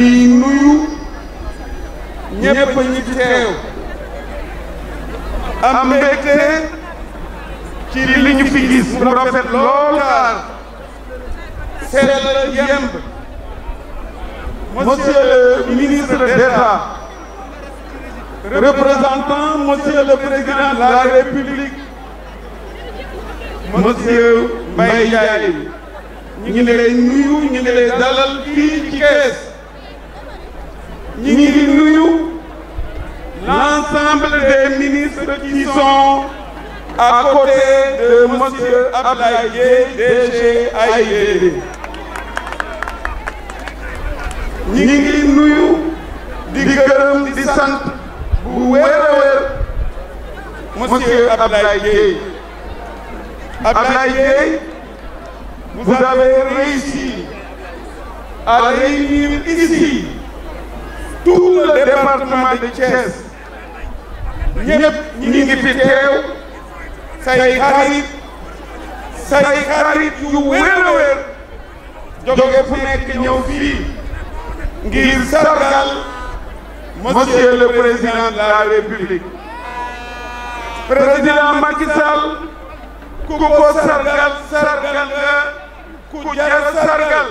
di nuyu ñépp ñi fi teew am mbégte ci li ñu fi gis mu rafet lool daal seetal yemb monsieur le ministre d'État représentant monsieur le président de la République monsieur Mbaye Ndiaye ñu ngi lay nuyu ñu ngi lay dalal fii ci Kees ñu ngi l'ensemble des ministres qui sont à côté de monsieur Abdoulaye DG AIBD ñu ngi nuyu di gërëm di sant bu monsieur Abdoulaye vous avez réussi à réunir ici département de Thiès ñëpp ñi ngi fi say xarit say xarit yu wér a wér jóge fii ngir sargal monsieur le président de la république président Macky ku ko sargal sargal nga ku jar sargal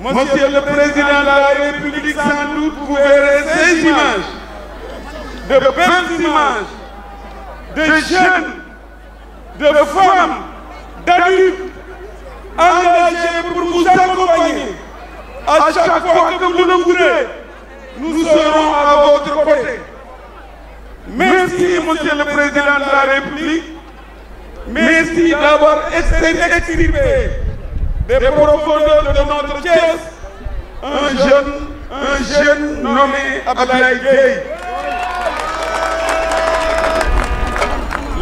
Monsieur le Président de la République, sans doute, vous verrez ces images, de belles images, de jeunes, de femmes, d'adultes, engagés pour vous accompagner. À chaque fois que vous le voudrez, nous serons à votre côté. Merci, Monsieur le Président de la République. Merci d'avoir exprimé des profondeurs de notre caisse un jeune, un jeune nommé Abdoulaye Gueye.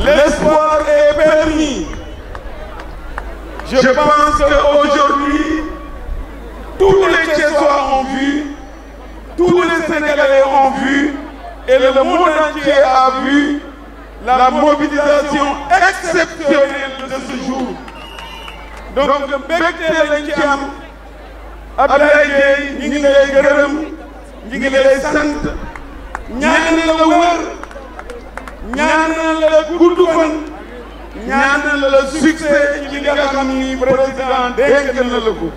L'espoir est permis. Je pense qu'aujourd'hui, tous les caisseurs ont vu, tous les Sénégalais ont vu, et le monde entier a vu la mobilisation exceptionnelle de ce jour. donc mbégte lañ ci am Abdoulaye Dieye ñi ngi lay gërëm ñi ngi lay sant ñaan la wër ñaan la gudd fan ñaan la succès ci li nga xam ni président dénk na la ko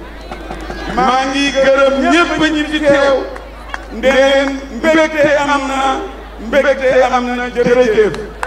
maa ngi gërëm ñëpp ñi fi teew ndeen mbégte am na mbégte am na jërëjëf